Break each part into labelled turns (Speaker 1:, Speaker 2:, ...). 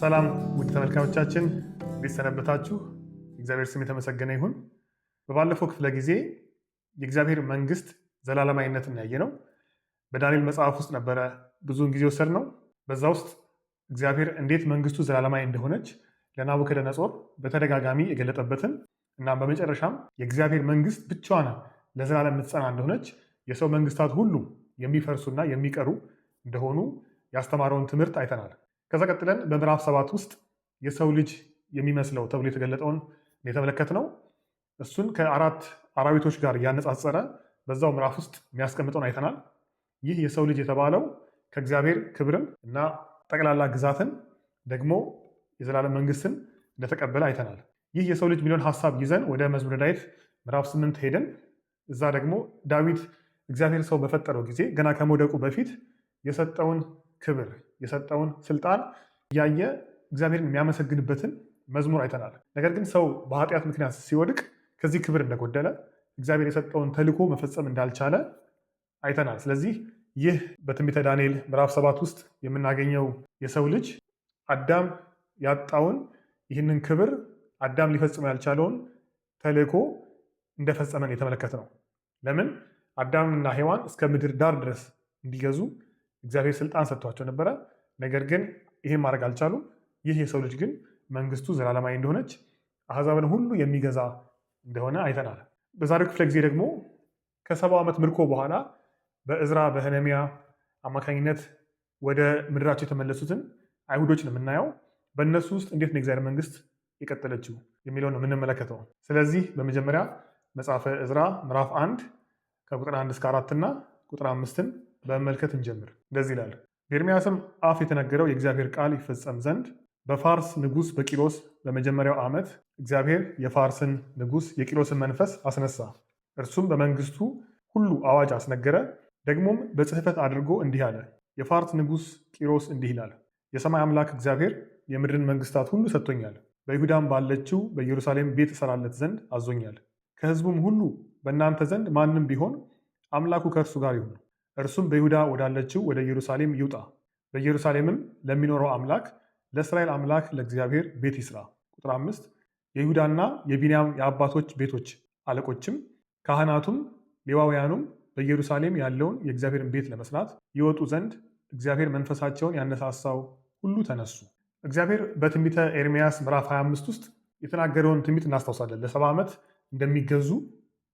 Speaker 1: ሰላም ውድ ተመልካዮቻችን እንዴት ሰነበታችሁ? እግዚአብሔር ስም የተመሰገነ ይሁን። በባለፈው ክፍለ ጊዜ የእግዚአብሔር መንግስት ዘላለማዊነትን ያየ ነው። በዳንኤል መጽሐፍ ውስጥ ነበረ ብዙውን ጊዜ ወሰድ ነው። በዛ ውስጥ እግዚአብሔር እንዴት መንግስቱ ዘላለማዊ እንደሆነች ለናቡከደነጾር በተደጋጋሚ የገለጠበትን እና በመጨረሻም የእግዚአብሔር መንግስት ብቻዋን ለዘላለም የምትጸና እንደሆነች የሰው መንግስታት ሁሉ የሚፈርሱና የሚቀሩ እንደሆኑ ያስተማረውን ትምህርት አይተናል። ከዛ ቀጥለን በምዕራፍ ሰባት ውስጥ የሰው ልጅ የሚመስለው ተብሎ የተገለጠውን የተመለከት ነው። እሱን ከአራት አራዊቶች ጋር እያነጻጸረ በዛው ምዕራፍ ውስጥ የሚያስቀምጠውን አይተናል። ይህ የሰው ልጅ የተባለው ከእግዚአብሔር ክብርን እና ጠቅላላ ግዛትን ደግሞ የዘላለም መንግስትን እንደተቀበለ አይተናል። ይህ የሰው ልጅ ሚሊዮን ሀሳብ ይዘን ወደ መዝሙረ ዳዊት ምዕራፍ ስምንት ሄደን እዛ ደግሞ ዳዊት እግዚአብሔር ሰው በፈጠረው ጊዜ ገና ከመውደቁ በፊት የሰጠውን ክብር የሰጠውን ስልጣን እያየ እግዚአብሔር የሚያመሰግንበትን መዝሙር አይተናል። ነገር ግን ሰው በኃጢአት ምክንያት ሲወድቅ ከዚህ ክብር እንደጎደለ እግዚአብሔር የሰጠውን ተልዕኮ መፈጸም እንዳልቻለ አይተናል። ስለዚህ ይህ በትንቢተ ዳንኤል ምዕራፍ ሰባት ውስጥ የምናገኘው የሰው ልጅ አዳም ያጣውን ይህንን ክብር አዳም ሊፈጽመው ያልቻለውን ተልዕኮ እንደፈጸመን የተመለከተ ነው። ለምን አዳምና ሔዋን እስከ ምድር ዳር ድረስ እንዲገዙ እግዚአብሔር ስልጣን ሰጥቷቸው ነበረ። ነገር ግን ይህም ማድረግ አልቻሉም። ይህ የሰው ልጅ ግን መንግስቱ ዘላለማዊ እንደሆነች አሕዛብን ሁሉ የሚገዛ እንደሆነ አይተናል። በዛሬው ክፍለ ጊዜ ደግሞ ከሰባ ዓመት ምርኮ በኋላ በእዝራ በህነሚያ አማካኝነት ወደ ምድራቸው የተመለሱትን አይሁዶች ነው የምናየው። በእነሱ ውስጥ እንዴት ነው እግዚአብሔር መንግስት የቀጠለችው የሚለው ነው የምንመለከተው። ስለዚህ በመጀመሪያ መጽሐፈ እዝራ ምዕራፍ አንድ ከቁጥር አንድ እስከ አራትና ቁጥር አምስትን በመመልከት እንጀምር። እንደዚህ ይላል። ኤርምያስም አፍ የተነገረው የእግዚአብሔር ቃል ይፈጸም ዘንድ በፋርስ ንጉሥ በቂሮስ በመጀመሪያው ዓመት እግዚአብሔር የፋርስን ንጉሥ የቂሮስን መንፈስ አስነሳ። እርሱም በመንግስቱ ሁሉ አዋጅ አስነገረ። ደግሞም በጽሕፈት አድርጎ እንዲህ አለ። የፋርስ ንጉሥ ቂሮስ እንዲህ ይላል፣ የሰማይ አምላክ እግዚአብሔር የምድርን መንግስታት ሁሉ ሰጥቶኛል። በይሁዳም ባለችው በኢየሩሳሌም ቤት እሰራለት ዘንድ አዞኛል። ከሕዝቡም ሁሉ በእናንተ ዘንድ ማንም ቢሆን አምላኩ ከእርሱ ጋር ይሁን፣ እርሱም በይሁዳ ወዳለችው ወደ ኢየሩሳሌም ይውጣ፣ በኢየሩሳሌምም ለሚኖረው አምላክ ለእስራኤል አምላክ ለእግዚአብሔር ቤት ይስራ። ቁጥር አምስት የይሁዳና የቢንያም የአባቶች ቤቶች አለቆችም ካህናቱም ሌዋውያኑም በኢየሩሳሌም ያለውን የእግዚአብሔርን ቤት ለመስራት ይወጡ ዘንድ እግዚአብሔር መንፈሳቸውን ያነሳሳው ሁሉ ተነሱ። እግዚአብሔር በትንቢተ ኤርሚያስ ምዕራፍ 25 ውስጥ የተናገረውን ትንቢት እናስታውሳለን። ለሰባ ዓመት እንደሚገዙ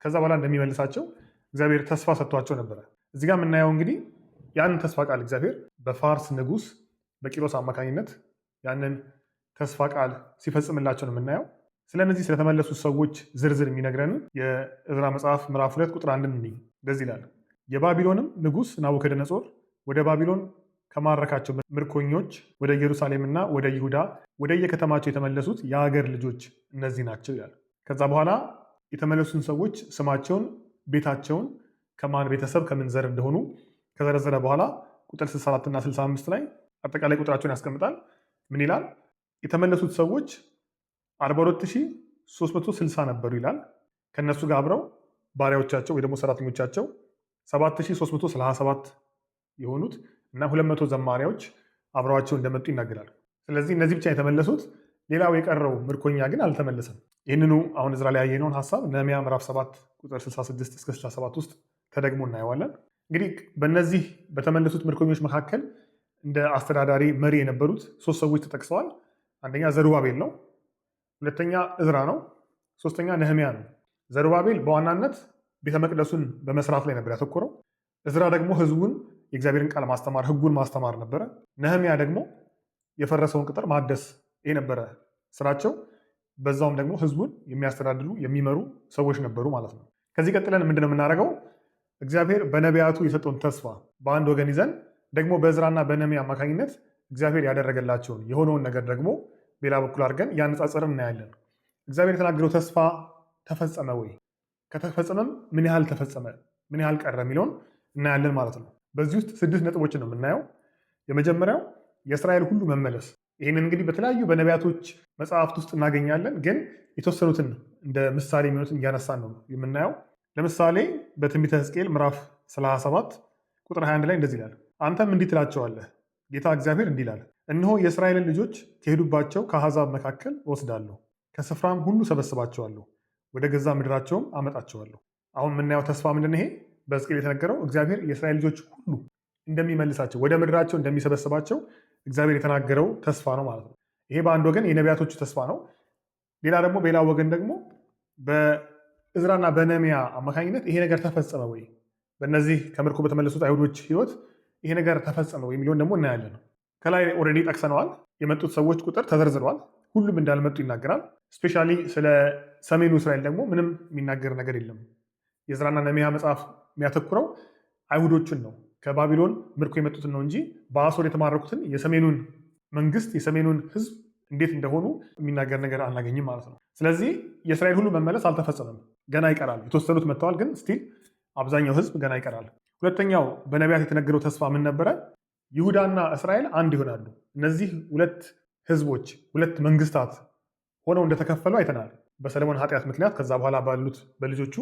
Speaker 1: ከዛ በኋላ እንደሚመልሳቸው እግዚአብሔር ተስፋ ሰጥቷቸው ነበረ። እዚህ ጋር የምናየው እንግዲህ ያንን ተስፋ ቃል እግዚአብሔር በፋርስ ንጉስ በቂሮስ አማካኝነት ያንን ተስፋ ቃል ሲፈጽምላቸው ነው የምናየው። ስለነዚህ ስለተመለሱ ሰዎች ዝርዝር የሚነግረንን የእዝራ መጽሐፍ ምዕራፍ ሁለት ቁጥር አንድ እንይ። እንደዚህ ይላል የባቢሎንም ንጉስ ናቡከደነጾር ወደ ባቢሎን ከማረካቸው ምርኮኞች ወደ ኢየሩሳሌምና ወደ ይሁዳ ወደ የከተማቸው የተመለሱት የሀገር ልጆች እነዚህ ናቸው ይላል። ከዛ በኋላ የተመለሱን ሰዎች ስማቸውን፣ ቤታቸውን ከማን ቤተሰብ ከምን ዘር እንደሆኑ ከዘረዘረ በኋላ ቁጥር 64 እና 65 ላይ አጠቃላይ ቁጥራቸውን ያስቀምጣል። ምን ይላል? የተመለሱት ሰዎች 42360 ነበሩ ይላል። ከእነሱ ጋር አብረው ባሪያዎቻቸው ወይ ደግሞ ሰራተኞቻቸው 7337 የሆኑት እና 200 ዘማሪያዎች አብረዋቸው እንደመጡ ይናገራል። ስለዚህ እነዚህ ብቻ የተመለሱት፣ ሌላው የቀረው ምርኮኛ ግን አልተመለሰም። ይህንኑ አሁን እዝራ ላይ ያየነውን ሀሳብ ነህምያ ምዕራፍ 7 ቁጥር 66 እስከ 67 ውስጥ ተደግሞ እናየዋለን። እንግዲህ በእነዚህ በተመለሱት ምርኮኞች መካከል እንደ አስተዳዳሪ መሪ የነበሩት ሶስት ሰዎች ተጠቅሰዋል። አንደኛ ዘሩባቤል ነው፣ ሁለተኛ እዝራ ነው፣ ሶስተኛ ነህሚያ ነው። ዘሩባቤል በዋናነት ቤተ መቅደሱን በመስራት ላይ ነበር ያተኮረው። እዝራ ደግሞ ህዝቡን የእግዚአብሔርን ቃል ማስተማር፣ ህጉን ማስተማር ነበረ። ነህሚያ ደግሞ የፈረሰውን ቅጥር ማደስ የነበረ ስራቸው። በዛውም ደግሞ ህዝቡን የሚያስተዳድሩ የሚመሩ ሰዎች ነበሩ ማለት ነው። ከዚህ ቀጥለን ምንድነው የምናደርገው? እግዚአብሔር በነቢያቱ የሰጠውን ተስፋ በአንድ ወገን ይዘን ደግሞ በእዝራና በነህምያ አማካኝነት እግዚአብሔር ያደረገላቸውን የሆነውን ነገር ደግሞ በሌላ በኩል አድርገን ያነጻጽርን እናያለን። እግዚአብሔር የተናገረው ተስፋ ተፈጸመ ወይ? ከተፈጸመም ምን ያህል ተፈጸመ፣ ምን ያህል ቀረ የሚለውን እናያለን ማለት ነው። በዚህ ውስጥ ስድስት ነጥቦችን ነው የምናየው። የመጀመሪያው የእስራኤል ሁሉ መመለስ። ይህንን እንግዲህ በተለያዩ በነቢያቶች መጽሐፍት ውስጥ እናገኛለን፣ ግን የተወሰኑትን እንደ ምሳሌ የሚሆኑትን እያነሳን ነው የምናየው። ለምሳሌ በትንቢተ ሕዝቅኤል ምዕራፍ 37 ቁጥር 21 ላይ እንደዚህ ይላል፣ አንተም እንዲህ ትላቸዋለህ፣ ጌታ እግዚአብሔር እንዲህ ይላል፣ እነሆ የእስራኤልን ልጆች ከሄዱባቸው ከአሕዛብ መካከል እወስዳለሁ፣ ከስፍራም ሁሉ ሰበስባቸዋለሁ፣ ወደ ገዛ ምድራቸውም አመጣቸዋለሁ። አሁን የምናየው ተስፋ ምንድን ነው? ይሄ በሕዝቅኤል የተነገረው እግዚአብሔር የእስራኤል ልጆች ሁሉ እንደሚመልሳቸው ወደ ምድራቸው እንደሚሰበስባቸው እግዚአብሔር የተናገረው ተስፋ ነው ማለት ነው። ይሄ በአንድ ወገን የነቢያቶቹ ተስፋ ነው። ሌላ ደግሞ በሌላ ወገን ደግሞ እዝራና በነሚያ አማካኝነት ይሄ ነገር ተፈጸመ ወይ፣ በእነዚህ ከምርኮ በተመለሱት አይሁዶች ህይወት ይሄ ነገር ተፈጸመ ወይ የሚለውን ደግሞ እናያለን። ከላይ ኦልሬዲ ጠቅሰነዋል። የመጡት ሰዎች ቁጥር ተዘርዝረዋል። ሁሉም እንዳልመጡ ይናገራል። ስፔሻሊ ስለ ሰሜኑ እስራኤል ደግሞ ምንም የሚናገር ነገር የለም። የእዝራና ነሚያ መጽሐፍ የሚያተኩረው አይሁዶቹን ነው ከባቢሎን ምርኮ የመጡትን ነው እንጂ በአሶር የተማረኩትን የሰሜኑን መንግስት የሰሜኑን ህዝብ እንዴት እንደሆኑ የሚናገር ነገር አናገኝም ማለት ነው። ስለዚህ የእስራኤል ሁሉ መመለስ አልተፈጸመም። ገና ይቀራል። የተወሰኑት መጥተዋል፣ ግን ስቲል አብዛኛው ህዝብ ገና ይቀራል። ሁለተኛው በነቢያት የተነገረው ተስፋ ምን ነበረ? ይሁዳና እስራኤል አንድ ይሆናሉ። እነዚህ ሁለት ህዝቦች ሁለት መንግስታት ሆነው እንደተከፈሉ አይተናል። በሰለሞን ኃጢአት ምክንያት ከዛ በኋላ ባሉት በልጆቹ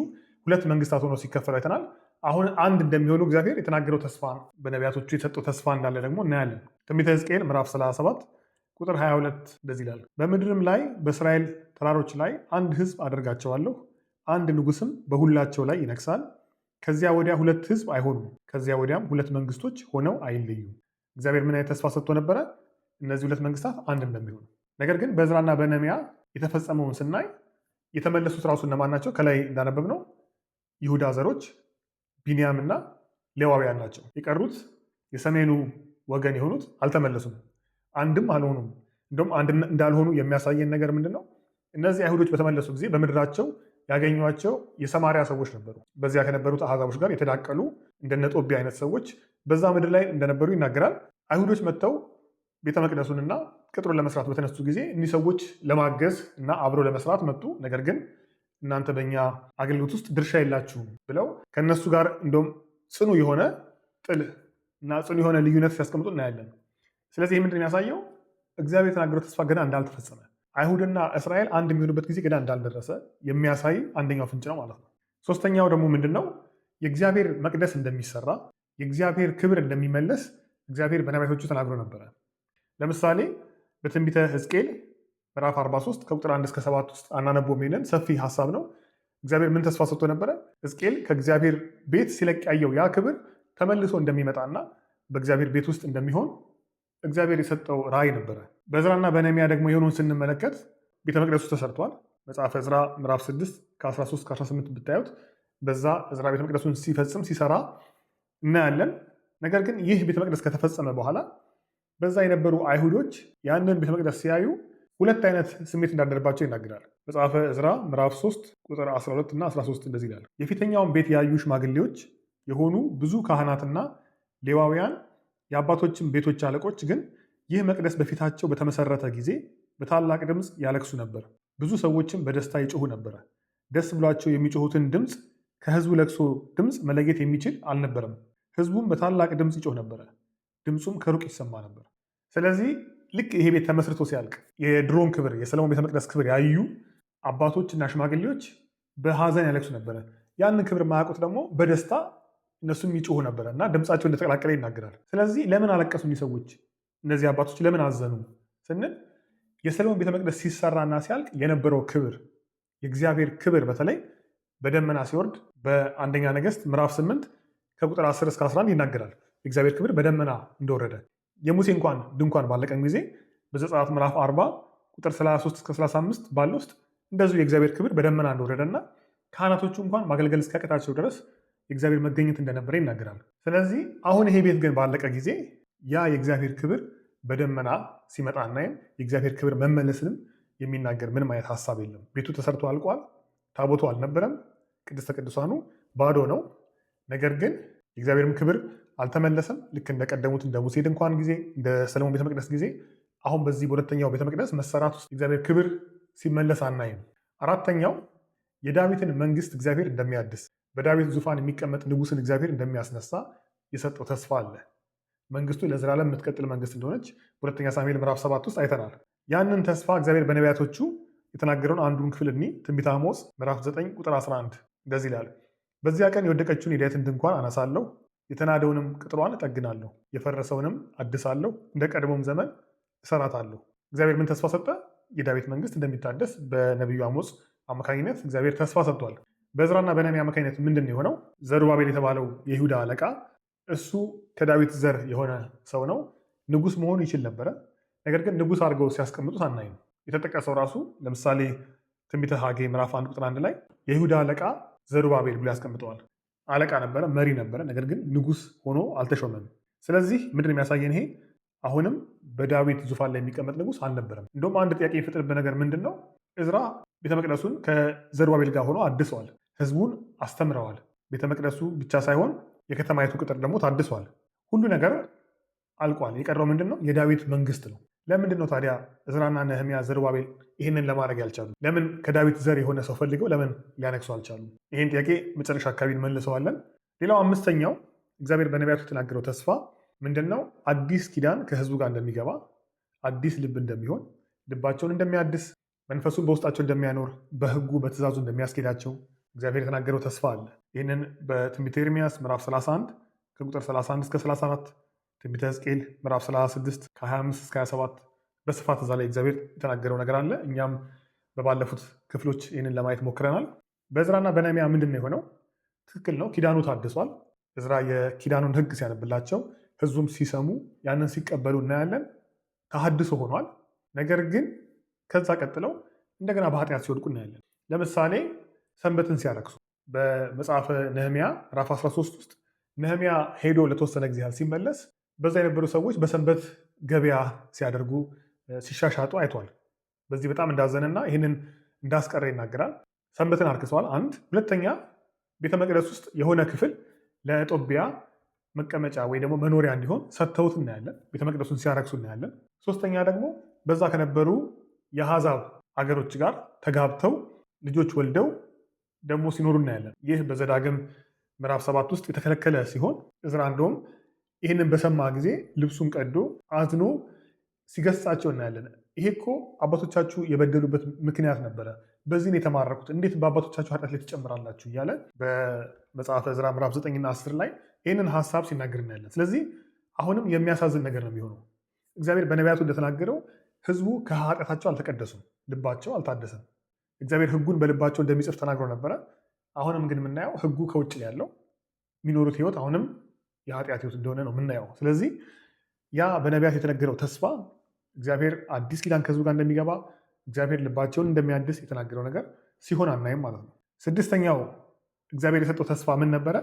Speaker 1: ሁለት መንግስታት ሆነው ሲከፈሉ አይተናል። አሁን አንድ እንደሚሆኑ እግዚአብሔር የተናገረው ተስፋ በነቢያቶቹ የሰጠው ተስፋ እንዳለ ደግሞ እናያለን። ትንቢተ ሕዝቅኤል ምዕራፍ 37 ቁጥር 22 እንደዚህ ይላል፣ በምድርም ላይ በእስራኤል ተራሮች ላይ አንድ ህዝብ አደርጋቸዋለሁ አንድ ንጉስም በሁላቸው ላይ ይነግሳል። ከዚያ ወዲያ ሁለት ህዝብ አይሆኑም፣ ከዚያ ወዲያም ሁለት መንግስቶች ሆነው አይለዩም። እግዚአብሔር ምን አይነት ተስፋ ሰጥቶ ነበረ? እነዚህ ሁለት መንግስታት አንድ እንደሚሆኑ። ነገር ግን በዝራና በነሚያ የተፈጸመውን ስናይ የተመለሱት ራሱ እነማን ናቸው? ከላይ እንዳነበብ ነው ይሁዳ ዘሮች እና ሌዋውያን ናቸው። የቀሩት የሰሜኑ ወገን የሆኑት አልተመለሱም፣ አንድም አልሆኑም። እንደውም አንድ እንዳልሆኑ የሚያሳየን ነገር ምንድን ነው? እነዚህ አይሁዶች በተመለሱ ጊዜ በምድራቸው ያገኟቸው የሰማሪያ ሰዎች ነበሩ። በዚያ ከነበሩት አሕዛቦች ጋር የተዳቀሉ እንደነ ጦቢ አይነት ሰዎች በዛ ምድር ላይ እንደነበሩ ይናገራል። አይሁዶች መጥተው ቤተ መቅደሱንና ቅጥሩን ለመስራት በተነሱ ጊዜ እኒህ ሰዎች ለማገዝ እና አብሮ ለመስራት መጡ። ነገር ግን እናንተ በእኛ አገልግሎት ውስጥ ድርሻ የላችሁም ብለው ከእነሱ ጋር እንደውም ጽኑ የሆነ ጥል እና ጽኑ የሆነ ልዩነት ሲያስቀምጡ እናያለን። ስለዚህ ይህ ምንድን የሚያሳየው እግዚአብሔር የተናገረው ተስፋ ገና እንዳልተፈጸመ አይሁድና እስራኤል አንድ የሚሆኑበት ጊዜ ገና እንዳልደረሰ የሚያሳይ አንደኛው ፍንጭ ነው ማለት ነው። ሶስተኛው ደግሞ ምንድን ነው? የእግዚአብሔር መቅደስ እንደሚሰራ የእግዚአብሔር ክብር እንደሚመለስ እግዚአብሔር በነቢያቶቹ ተናግሮ ነበረ። ለምሳሌ በትንቢተ ሕዝቅኤል ምዕራፍ 43 ከቁጥር 1 እስከ 7 ውስጥ አናነቦም። ይሄንን ሰፊ ሀሳብ ነው። እግዚአብሔር ምን ተስፋ ሰጥቶ ነበረ? ሕዝቅኤል ከእግዚአብሔር ቤት ሲለቅ ያየው ያ ክብር ተመልሶ እንደሚመጣና በእግዚአብሔር ቤት ውስጥ እንደሚሆን እግዚአብሔር የሰጠው ራእይ ነበረ። በዝራና በነሚያ ደግሞ የሆነውን ስንመለከት ቤተ መቅደሱ ተሰርቷል። መጽሐፈ እዝራ ምዕራፍ 6 ከ13 ከ18 ብታዩት በዛ እዝራ ቤተ መቅደሱን ሲፈጽም ሲሰራ እናያለን። ነገር ግን ይህ ቤተ መቅደስ ከተፈጸመ በኋላ በዛ የነበሩ አይሁዶች ያንን ቤተ መቅደስ ሲያዩ ሁለት አይነት ስሜት እንዳደረባቸው ይናገራል። መጽሐፈ እዝራ ምዕራፍ 3 ቁጥር 12 እና 13 እንደዚህ ይላል። የፊተኛውን ቤት ያዩ ሽማግሌዎች የሆኑ ብዙ ካህናትና ሌዋውያን የአባቶችን ቤቶች አለቆች ግን ይህ መቅደስ በፊታቸው በተመሰረተ ጊዜ በታላቅ ድምፅ ያለቅሱ ነበር፣ ብዙ ሰዎችም በደስታ ይጮሁ ነበረ። ደስ ብሏቸው የሚጮሁትን ድምፅ ከህዝቡ ለቅሶ ድምፅ መለየት የሚችል አልነበረም። ህዝቡም በታላቅ ድምፅ ይጮህ ነበረ፣ ድምፁም ከሩቅ ይሰማ ነበር። ስለዚህ ልክ ይሄ ቤት ተመስርቶ ሲያልቅ የድሮን ክብር፣ የሰለሞን ቤተ መቅደስ ክብር ያዩ አባቶችና ሽማግሌዎች በሀዘን ያለቅሱ ነበረ። ያንን ክብር የማያውቁት ደግሞ በደስታ እነሱም ይጮሁ ነበረ እና ድምፃቸው እንደተቀላቀለ ይናገራል። ስለዚህ ለምን አለቀሱ እኒህ ሰዎች እነዚህ አባቶች ለምን አዘኑ ስንል የሰለሞን ቤተ መቅደስ ሲሰራና ሲያልቅ የነበረው ክብር የእግዚአብሔር ክብር በተለይ በደመና ሲወርድ በአንደኛ ነገስት ምዕራፍ 8 ከቁጥር 10 እስከ 11 ይናገራል። የእግዚአብሔር ክብር በደመና እንደወረደ የሙሴ እንኳን ድንኳን ባለቀን ጊዜ በዘጸአት ምዕራፍ 40 ቁጥር 33 እስከ 35 ባለ ውስጥ እንደዚሁ የእግዚአብሔር ክብር በደመና እና ካህናቶቹ እንኳን ማገልገል እስኪያቅታቸው ድረስ የእግዚአብሔር መገኘት እንደነበረ ይናገራል። ስለዚህ አሁን ይሄ ቤት ግን ባለቀ ጊዜ ያ የእግዚአብሔር ክብር በደመና ሲመጣ እናይም የእግዚአብሔር ክብር መመለስንም የሚናገር ምንም አይነት ሀሳብ የለም። ቤቱ ተሰርቶ አልቋል። ታቦቱ አልነበረም። ቅድስተ ቅዱሳኑ ባዶ ነው። ነገር ግን የእግዚአብሔርም ክብር አልተመለሰም። ልክ እንደቀደሙት እንደ ሙሴ ድንኳን ጊዜ፣ እንደ ሰለሞን መቅደስ ጊዜ አሁን በዚህ በሁለተኛው መቅደስ መሰራት ውስጥ እግዚአብሔር ክብር ሲመለስ አናይም። አራተኛው የዳዊትን መንግስት እግዚአብሔር እንደሚያድስ በዳዊት ዙፋን የሚቀመጥ ንጉስን እግዚአብሔር እንደሚያስነሳ የሰጠው ተስፋ አለ። መንግስቱ ለዘላለም የምትቀጥል መንግስት እንደሆነች ሁለተኛ ሳሙኤል ምዕራፍ ሰባት ውስጥ አይተናል። ያንን ተስፋ እግዚአብሔር በነቢያቶቹ የተናገረውን አንዱን ክፍል እኒ ትንቢተ አሞጽ ምዕራፍ 9 ቁጥር 11 እንደዚህ ይላል፣ በዚያ ቀን የወደቀችውን የዳይትን ድንኳን አነሳለሁ፣ የተናደውንም ቅጥሯን እጠግናለሁ፣ የፈረሰውንም አድሳለሁ፣ እንደ ቀድሞም ዘመን እሰራታለሁ። እግዚአብሔር ምን ተስፋ ሰጠ? የዳዊት መንግስት እንደሚታደስ በነቢዩ አሞጽ አማካኝነት እግዚአብሔር ተስፋ ሰጥቷል። በእዝራና በነህምያ አማካኝነት ምንድን የሆነው? ዘሩባቤል የተባለው የይሁዳ አለቃ እሱ ከዳዊት ዘር የሆነ ሰው ነው። ንጉስ መሆኑ ይችል ነበረ። ነገር ግን ንጉስ አድርገው ሲያስቀምጡት አናይም። የተጠቀሰው ራሱ ለምሳሌ ትንቢተ ሐጌ ምዕራፍ አንድ ቁጥር አንድ ላይ የይሁዳ አለቃ ዘሩባቤል ብሎ ያስቀምጠዋል። አለቃ ነበረ፣ መሪ ነበረ። ነገር ግን ንጉስ ሆኖ አልተሾመም። ስለዚህ ምንድን የሚያሳየን ይሄ አሁንም በዳዊት ዙፋን ላይ የሚቀመጥ ንጉስ አልነበረም። እንደውም አንድ ጥያቄ የፈጥርብህ ነገር ምንድን ነው? እዝራ መቅደሱን ከዘሩባቤል ጋር ሆኖ አድሰዋል፣ ህዝቡን አስተምረዋል። መቅደሱ ብቻ ሳይሆን የከተማይቱ ቅጥር ደግሞ ታድሷል። ሁሉ ነገር አልቋል። የቀረው ምንድን ነው? የዳዊት መንግስት ነው። ለምንድን ነው ታዲያ እዝራና ነህሚያ ዘርባቤል ይህንን ለማድረግ ያልቻሉ? ለምን ከዳዊት ዘር የሆነ ሰው ፈልገው ለምን ሊያነግሱ አልቻሉ? ይህን ጥያቄ መጨረሻ አካባቢ እንመልሰዋለን። ሌላው አምስተኛው እግዚአብሔር በነቢያቱ የተናገረው ተስፋ ምንድን ነው? አዲስ ኪዳን ከህዝቡ ጋር እንደሚገባ አዲስ ልብ እንደሚሆን ልባቸውን እንደሚያድስ መንፈሱን በውስጣቸው እንደሚያኖር በህጉ በትእዛዙ እንደሚያስኬዳቸው እግዚአብሔር የተናገረው ተስፋ አለ። ይህንን በትንቢተ ኤርሚያስ ምዕራፍ 31 ከቁጥር 31 እስከ 34፣ ትንቢተ ሕዝቅኤል ምዕራፍ 36 ከ25 እስከ 27 በስፋት እዛ ላይ እግዚአብሔር የተናገረው ነገር አለ። እኛም በባለፉት ክፍሎች ይህንን ለማየት ሞክረናል። በእዝራና በነህምያ ምንድን ነው የሆነው? ትክክል ነው፣ ኪዳኑ ታድሷል። እዝራ የኪዳኑን ሕግ ሲያነብላቸው ህዝቡም ሲሰሙ ያንን ሲቀበሉ እናያለን። ተሐድሶ ሆኗል። ነገር ግን ከዛ ቀጥለው እንደገና በኃጢአት ሲወድቁ እናያለን። ለምሳሌ ሰንበትን ሲያረክሱ በመጽሐፈ ነህሚያ ራፍ 13 ውስጥ ነህሚያ ሄዶ ለተወሰነ ጊዜ ያህል ሲመለስ በዛ የነበሩ ሰዎች በሰንበት ገበያ ሲያደርጉ ሲሻሻጡ አይቷል። በዚህ በጣም እንዳዘነና ይህንን እንዳስቀረ ይናገራል። ሰንበትን አርክሰዋል። አንድ ሁለተኛ፣ ቤተ መቅደስ ውስጥ የሆነ ክፍል ለጦቢያ መቀመጫ ወይ ደግሞ መኖሪያ እንዲሆን ሰጥተውት እናያለን። ቤተ መቅደሱን ሲያረክሱ እናያለን። ሶስተኛ ደግሞ በዛ ከነበሩ የአሕዛብ አገሮች ጋር ተጋብተው ልጆች ወልደው ደግሞ ሲኖሩ እናያለን። ይህ በዘዳግም ምዕራፍ ሰባት ውስጥ የተከለከለ ሲሆን እዝራ እንደውም ይህንን በሰማ ጊዜ ልብሱን ቀዶ አዝኖ ሲገሳቸው እናያለን። ይሄ እኮ አባቶቻችሁ የበደሉበት ምክንያት ነበረ፣ በዚህ ነው የተማረኩት፣ እንዴት በአባቶቻችሁ ኃጢአት ላይ ትጨምራላችሁ እያለ በመጽሐፈ ዕዝራ ምዕራፍ ዘጠኝና አስር ላይ ይህንን ሀሳብ ሲናገር እናያለን። ስለዚህ አሁንም የሚያሳዝን ነገር ነው የሚሆነው። እግዚአብሔር በነቢያቱ እንደተናገረው ህዝቡ ከኃጢአታቸው አልተቀደሱም፣ ልባቸው አልታደሰም። እግዚአብሔር ህጉን በልባቸው እንደሚጽፍ ተናግሮ ነበረ። አሁንም ግን የምናየው ህጉ ከውጭ ያለው የሚኖሩት ህይወት አሁንም የኃጢአት ህይወት እንደሆነ ነው የምናየው። ስለዚህ ያ በነቢያት የተነገረው ተስፋ እግዚአብሔር አዲስ ኪዳን ከህዝቡ ጋር እንደሚገባ እግዚአብሔር ልባቸውን እንደሚያድስ የተናገረው ነገር ሲሆን አናይም ማለት ነው። ስድስተኛው እግዚአብሔር የሰጠው ተስፋ ምን ነበረ?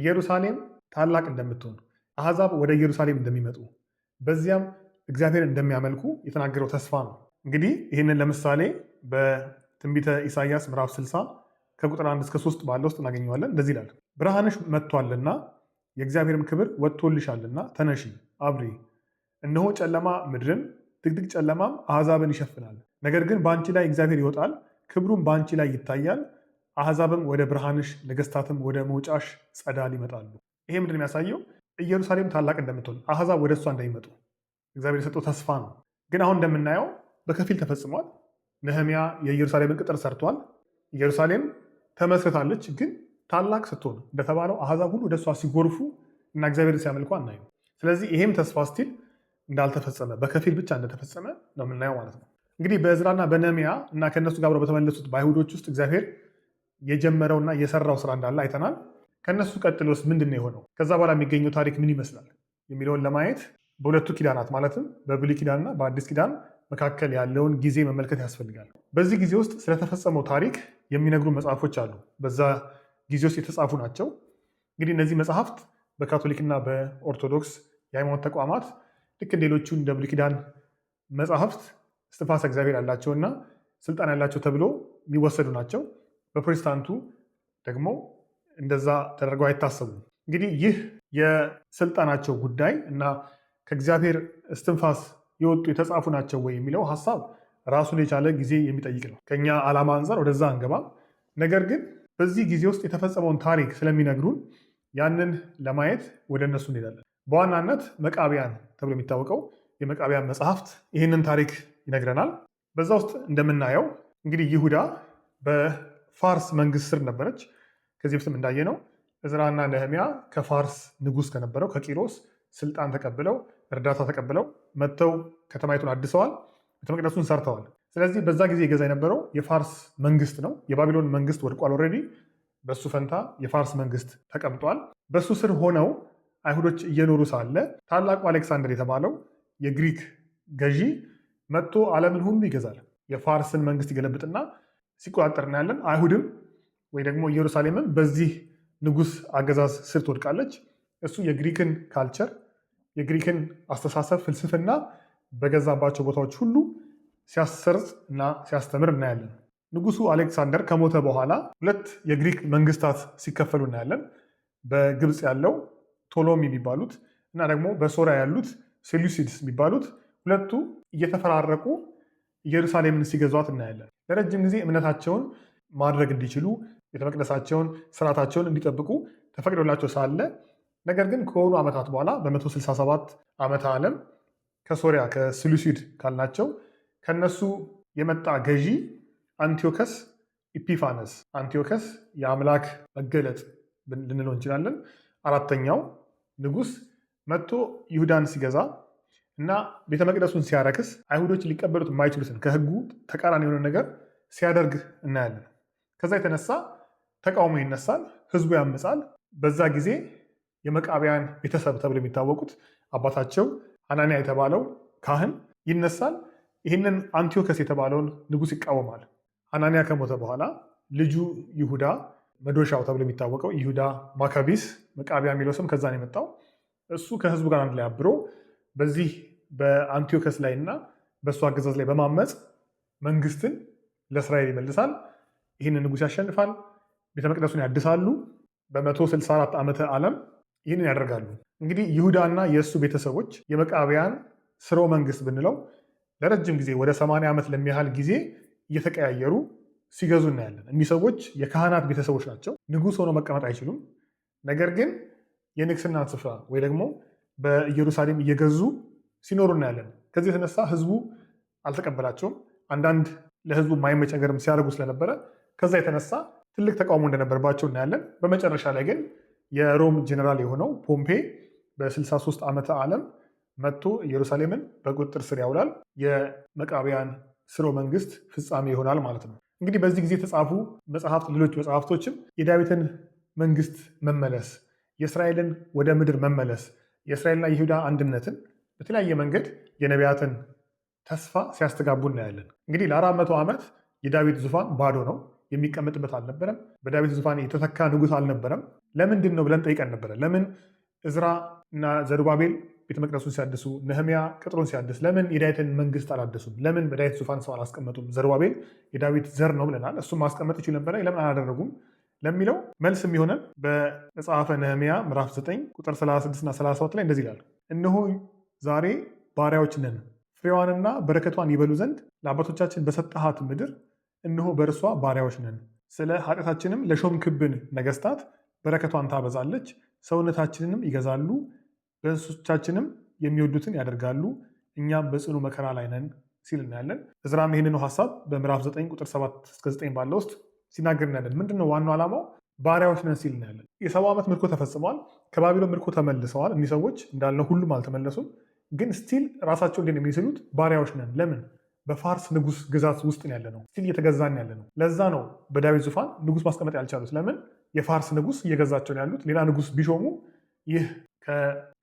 Speaker 1: ኢየሩሳሌም ታላቅ እንደምትሆን አሕዛብ ወደ ኢየሩሳሌም እንደሚመጡ በዚያም እግዚአብሔር እንደሚያመልኩ የተናገረው ተስፋ ነው። እንግዲህ ይህንን ለምሳሌ ትንቢተ ኢሳያስ ምዕራፍ 60 ከቁጥር 1 እስከ 3 ባለ ውስጥ እናገኘዋለን። እንደዚህ ይላል፣ ብርሃንሽ መጥቷልና የእግዚአብሔርም ክብር ወጥቶልሻልና ተነሺ አብሪ። እነሆ ጨለማ ምድርን ድቅድቅ ጨለማም አሕዛብን ይሸፍናል። ነገር ግን በአንቺ ላይ እግዚአብሔር ይወጣል፣ ክብሩም በአንቺ ላይ ይታያል። አሕዛብም ወደ ብርሃንሽ፣ ነገስታትም ወደ መውጫሽ ጸዳል ይመጣሉ። ይሄ ምንድን የሚያሳየው ኢየሩሳሌም ታላቅ እንደምትሆን አሕዛብ ወደ እሷ እንደሚመጡ እግዚአብሔር የሰጠው ተስፋ ነው። ግን አሁን እንደምናየው በከፊል ተፈጽሟል። ነህሚያ የኢየሩሳሌምን ቅጥር ሰርቷል። ኢየሩሳሌም ተመስርታለች፣ ግን ታላቅ ስትሆን እንደተባለው አሕዛብ ሁሉ ወደ እሷ ሲጎርፉ እና እግዚአብሔር ሲያመልኩ አናይም። ስለዚህ ይሄም ተስፋ ስቲል እንዳልተፈጸመ በከፊል ብቻ እንደተፈጸመ ነው የምናየው ማለት ነው። እንግዲህ በእዝራና በነህሚያ እና ከእነሱ ጋር አብረው በተመለሱት በአይሁዶች ውስጥ እግዚአብሔር የጀመረውና የሰራው ስራ እንዳለ አይተናል። ከእነሱ ቀጥሎስ ምንድን ነው የሆነው? ከዛ በኋላ የሚገኘው ታሪክ ምን ይመስላል የሚለውን ለማየት በሁለቱ ኪዳናት ማለትም በብሉይ ኪዳንና በአዲስ ኪዳን መካከል ያለውን ጊዜ መመልከት ያስፈልጋል። በዚህ ጊዜ ውስጥ ስለተፈጸመው ታሪክ የሚነግሩ መጽሐፎች አሉ። በዛ ጊዜ ውስጥ የተጻፉ ናቸው። እንግዲህ እነዚህ መጽሐፍት በካቶሊክና በኦርቶዶክስ የሃይማኖት ተቋማት ልክ እንደሌሎቹ እንደ ብሉይ ኪዳን መጽሐፍት እስትንፋሰ እግዚአብሔር እና ስልጣን ያላቸው ተብሎ የሚወሰዱ ናቸው። በፕሮቴስታንቱ ደግሞ እንደዛ ተደርገው አይታሰቡም። እንግዲህ ይህ የስልጣናቸው ጉዳይ እና ከእግዚአብሔር እስትንፋስ የወጡ የተጻፉ ናቸው ወይ የሚለው ሀሳብ ራሱን የቻለ ጊዜ የሚጠይቅ ነው። ከኛ ዓላማ አንጻር ወደዛ አንገባም። ነገር ግን በዚህ ጊዜ ውስጥ የተፈጸመውን ታሪክ ስለሚነግሩን ያንን ለማየት ወደ እነሱ እንሄዳለን። በዋናነት መቃቢያን ተብሎ የሚታወቀው የመቃቢያን መጽሐፍት ይህንን ታሪክ ይነግረናል። በዛ ውስጥ እንደምናየው እንግዲህ ይሁዳ በፋርስ መንግስት ስር ነበረች። ከዚህ በፊትም እንዳየ ነው ነህሚያ ከፋርስ ንጉስ ከነበረው ከቂሮስ ስልጣን ተቀብለው እርዳታ ተቀብለው መጥተው ከተማይቱን አድሰዋል፣ ቤተ መቅደሱን ሰርተዋል። ስለዚህ በዛ ጊዜ ይገዛ የነበረው የፋርስ መንግስት ነው። የባቢሎን መንግስት ወድቋል ኦልሬዲ። በሱ ፈንታ የፋርስ መንግስት ተቀምጧል። በሱ ስር ሆነው አይሁዶች እየኖሩ ሳለ ታላቁ አሌክሳንደር የተባለው የግሪክ ገዢ መጥቶ ዓለምን ሁሉ ይገዛል። የፋርስን መንግስት ይገለብጥና ሲቆጣጠር እናያለን። አይሁድም ወይ ደግሞ ኢየሩሳሌምም በዚህ ንጉስ አገዛዝ ስር ትወድቃለች። እሱ የግሪክን ካልቸር የግሪክን አስተሳሰብ ፍልስፍና በገዛባቸው ቦታዎች ሁሉ ሲያሰርጽ እና ሲያስተምር እናያለን። ንጉሱ አሌክሳንደር ከሞተ በኋላ ሁለት የግሪክ መንግስታት ሲከፈሉ እናያለን። በግብፅ ያለው ቶሎሚ የሚባሉት እና ደግሞ በሶሪያ ያሉት ሴሉሲድስ የሚባሉት ሁለቱ እየተፈራረቁ ኢየሩሳሌምን ሲገዟት እናያለን። ለረጅም ጊዜ እምነታቸውን ማድረግ እንዲችሉ ቤተመቅደሳቸውን፣ ስርዓታቸውን እንዲጠብቁ ተፈቅዶላቸው ሳለ ነገር ግን ከሆኑ ዓመታት በኋላ በ167 ዓመተ ዓለም ከሶሪያ ከስሉሲድ ካልናቸው ከነሱ የመጣ ገዢ አንቲዮከስ ኢፒፋነስ አንቲዮከስ የአምላክ መገለጥ ልንለው እንችላለን። አራተኛው ንጉስ መጥቶ ይሁዳን ሲገዛ እና ቤተ መቅደሱን ሲያረክስ አይሁዶች ሊቀበሉት የማይችሉትን ከህጉ ተቃራኒ የሆነ ነገር ሲያደርግ እናያለን። ከዛ የተነሳ ተቃውሞ ይነሳል፣ ህዝቡ ያምፃል። በዛ ጊዜ የመቃቢያን ቤተሰብ ተብሎ የሚታወቁት አባታቸው አናንያ የተባለው ካህን ይነሳል። ይህንን አንቲዮከስ የተባለውን ንጉስ ይቃወማል። አናንያ ከሞተ በኋላ ልጁ ይሁዳ መዶሻው ተብሎ የሚታወቀው ይሁዳ ማካቢስ መቃቢያ የሚለው ስም ከዛ ነው የመጣው። እሱ ከህዝቡ ጋር አንድ ላይ አብሮ በዚህ በአንቲዮከስ ላይ እና በእሱ አገዛዝ ላይ በማመፅ መንግስትን ለእስራኤል ይመልሳል። ይህንን ንጉስ ያሸንፋል። ቤተ መቅደሱን ያድሳሉ። በ164 ዓመተ ዓለም ይህንን ያደርጋሉ። እንግዲህ ይሁዳና የእሱ ቤተሰቦች የመቃቢያን ስርወ መንግስት ብንለው ለረጅም ጊዜ ወደ ሰማንያ ዓመት ለሚያህል ጊዜ እየተቀያየሩ ሲገዙ እናያለን። እኒህ ሰዎች የካህናት ቤተሰቦች ናቸው። ንጉሥ ሆኖ መቀመጥ አይችሉም። ነገር ግን የንግስናን ስፍራ ወይ ደግሞ በኢየሩሳሌም እየገዙ ሲኖሩ እናያለን። ከዚህ የተነሳ ህዝቡ አልተቀበላቸውም። አንዳንድ ለህዝቡ ማይመች ነገርም ሲያደርጉ ስለነበረ ከዛ የተነሳ ትልቅ ተቃውሞ እንደነበርባቸው እናያለን። በመጨረሻ ላይ ግን የሮም ጀነራል የሆነው ፖምፔ በ63 ዓመተ ዓለም መጥቶ ኢየሩሳሌምን በቁጥጥር ስር ያውላል። የመቃቢያን ስሮ መንግስት ፍጻሜ ይሆናል ማለት ነው። እንግዲህ በዚህ ጊዜ የተጻፉ መጽሐፍት ሌሎች መጽሐፍቶችም የዳዊትን መንግስት መመለስ፣ የእስራኤልን ወደ ምድር መመለስ፣ የእስራኤልና የይሁዳ አንድነትን በተለያየ መንገድ የነቢያትን ተስፋ ሲያስተጋቡ እናያለን። እንግዲህ ለአራት መቶ ዓመት የዳዊት ዙፋን ባዶ ነው። የሚቀመጥበት አልነበረም። በዳዊት ዙፋን የተተካ ንጉስ አልነበረም። ለምንድን ነው ብለን ጠይቀን ነበረ። ለምን እዝራ እና ዘሩባቤል ቤተ መቅደሱን ሲያድሱ፣ ነህሚያ ቅጥሩን ሲያድስ ለምን የዳዊትን መንግስት አላደሱም? ለምን በዳዊት ዙፋን ሰው አላስቀመጡም? ዘሩባቤል የዳዊት ዘር ነው ብለናል። እሱም ማስቀመጥ ይችል ነበረ። ለምን አላደረጉም ለሚለው መልስ የሚሆነን በመጽሐፈ ነህሚያ ምዕራፍ 9 ቁጥር 36 እና 37 ላይ እንደዚህ ይላል፣ እነሆ ዛሬ ባሪያዎች ነን ፍሬዋንና በረከቷን ይበሉ ዘንድ ለአባቶቻችን በሰጠሃት ምድር እነሆ በእርሷ ባሪያዎች ነን። ስለ ኃጢአታችንም ለሾምክብን ነገስታት በረከቷን ታበዛለች። ሰውነታችንንም ይገዛሉ፣ በእንስሶቻችንም የሚወዱትን ያደርጋሉ። እኛም በጽኑ መከራ ላይ ነን ሲል እናያለን። እዝራም ይህንኑ ሀሳብ በምዕራፍ 9 ቁጥር 7 እስከ 9 ባለ ውስጥ ሲናገር እናያለን። ምንድነው ዋናው ዓላማው? ባሪያዎች ነን ሲል እናያለን። የሰባ ዓመት ምርኮ ተፈጽሟል። ከባቢሎን ምርኮ ተመልሰዋል። እኒህ ሰዎች እንዳለ ሁሉም አልተመለሱም፣ ግን ስቲል ራሳቸው እንዴት ነው የሚስሉት? ባሪያዎች ነን። ለምን በፋርስ ንጉስ ግዛት ውስጥ ያለ ነው። ስቲል እየተገዛን ያለ ነው። ለዛ ነው በዳዊት ዙፋን ንጉስ ማስቀመጥ ያልቻሉት። ለምን የፋርስ ንጉስ እየገዛቸው ያሉት። ሌላ ንጉስ ቢሾሙ ይህ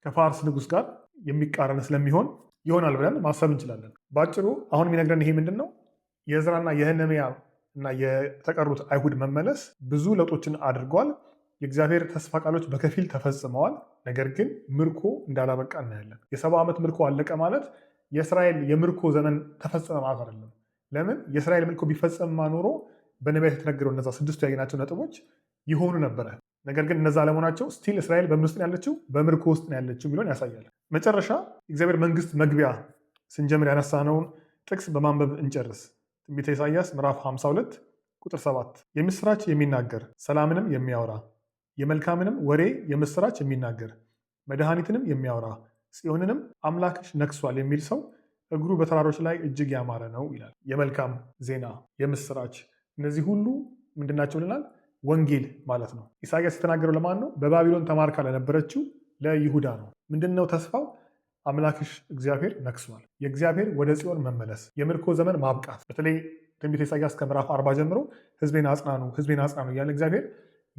Speaker 1: ከፋርስ ንጉስ ጋር የሚቃረን ስለሚሆን ይሆናል ብለን ማሰብ እንችላለን። በአጭሩ አሁን የሚነግረን ይሄ ምንድን ነው? የእዝራና የህነሚያ እና የተቀሩት አይሁድ መመለስ ብዙ ለውጦችን አድርጓል። የእግዚአብሔር ተስፋ ቃሎች በከፊል ተፈጽመዋል። ነገር ግን ምርኮ እንዳላበቃ እናያለን። የሰባ ዓመት ምርኮ አለቀ ማለት የእስራኤል የምርኮ ዘመን ተፈጸመ ማለት አይደለም። ለምን የእስራኤል ምርኮ ቢፈጸም ማኖሮ በነቢያት የተነገረው እነዛ ስድስቱ ያየናቸው ነጥቦች ይሆኑ ነበረ። ነገር ግን እነዛ አለመሆናቸው ስቲል እስራኤል በምን ውስጥ ያለችው? በምርኮ ውስጥ ነው ያለችው የሚለውን ያሳያል። መጨረሻ እግዚአብሔር መንግስት መግቢያ ስንጀምር ያነሳነውን ጥቅስ በማንበብ እንጨርስ። ትንቢተ ኢሳያስ ምዕራፍ 52 ቁጥር 7 የምስራች የሚናገር ሰላምንም የሚያወራ የመልካምንም ወሬ የምስራች የሚናገር መድኃኒትንም የሚያወራ ጽዮንንም አምላክሽ ነግሷል የሚል ሰው እግሩ በተራሮች ላይ እጅግ ያማረ ነው ይላል። የመልካም ዜና የምስራች፣ እነዚህ ሁሉ ምንድናቸው ልናል ወንጌል ማለት ነው። ኢሳያስ የተናገረው ለማን ነው? በባቢሎን ተማርካ ለነበረችው ለይሁዳ ነው። ምንድን ነው ተስፋው? አምላክሽ እግዚአብሔር ነግሷል። የእግዚአብሔር ወደ ጽዮን መመለስ፣ የምርኮ ዘመን ማብቃት። በተለይ ትንቢተ ኢሳያስ ከምዕራፍ አርባ ጀምሮ ህዝቤን አጽናኑ፣ ህዝቤን አጽናኑ እያለ እግዚአብሔር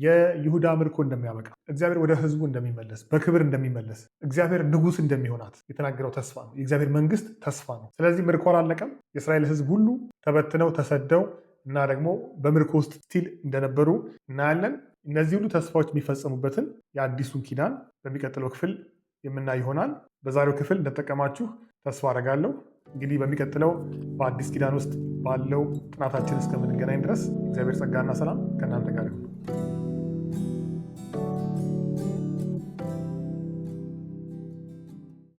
Speaker 1: የይሁዳ ምርኮ እንደሚያበቃ እግዚአብሔር ወደ ህዝቡ እንደሚመለስ በክብር እንደሚመለስ እግዚአብሔር ንጉስ እንደሚሆናት የተናገረው ተስፋ ነው። የእግዚአብሔር መንግስት ተስፋ ነው። ስለዚህ ምርኮ አላለቀም። የእስራኤል ህዝብ ሁሉ ተበትነው ተሰደው እና ደግሞ በምርኮ ውስጥ ስቲል እንደነበሩ እናያለን። እነዚህ ሁሉ ተስፋዎች የሚፈጸሙበትን የአዲሱን ኪዳን በሚቀጥለው ክፍል የምናይ ይሆናል። በዛሬው ክፍል እንደጠቀማችሁ ተስፋ አደርጋለሁ። እንግዲህ በሚቀጥለው በአዲስ ኪዳን ውስጥ ባለው ጥናታችን እስከምንገናኝ ድረስ እግዚአብሔር ጸጋና ሰላም ከእናንተ ጋር ይሁን።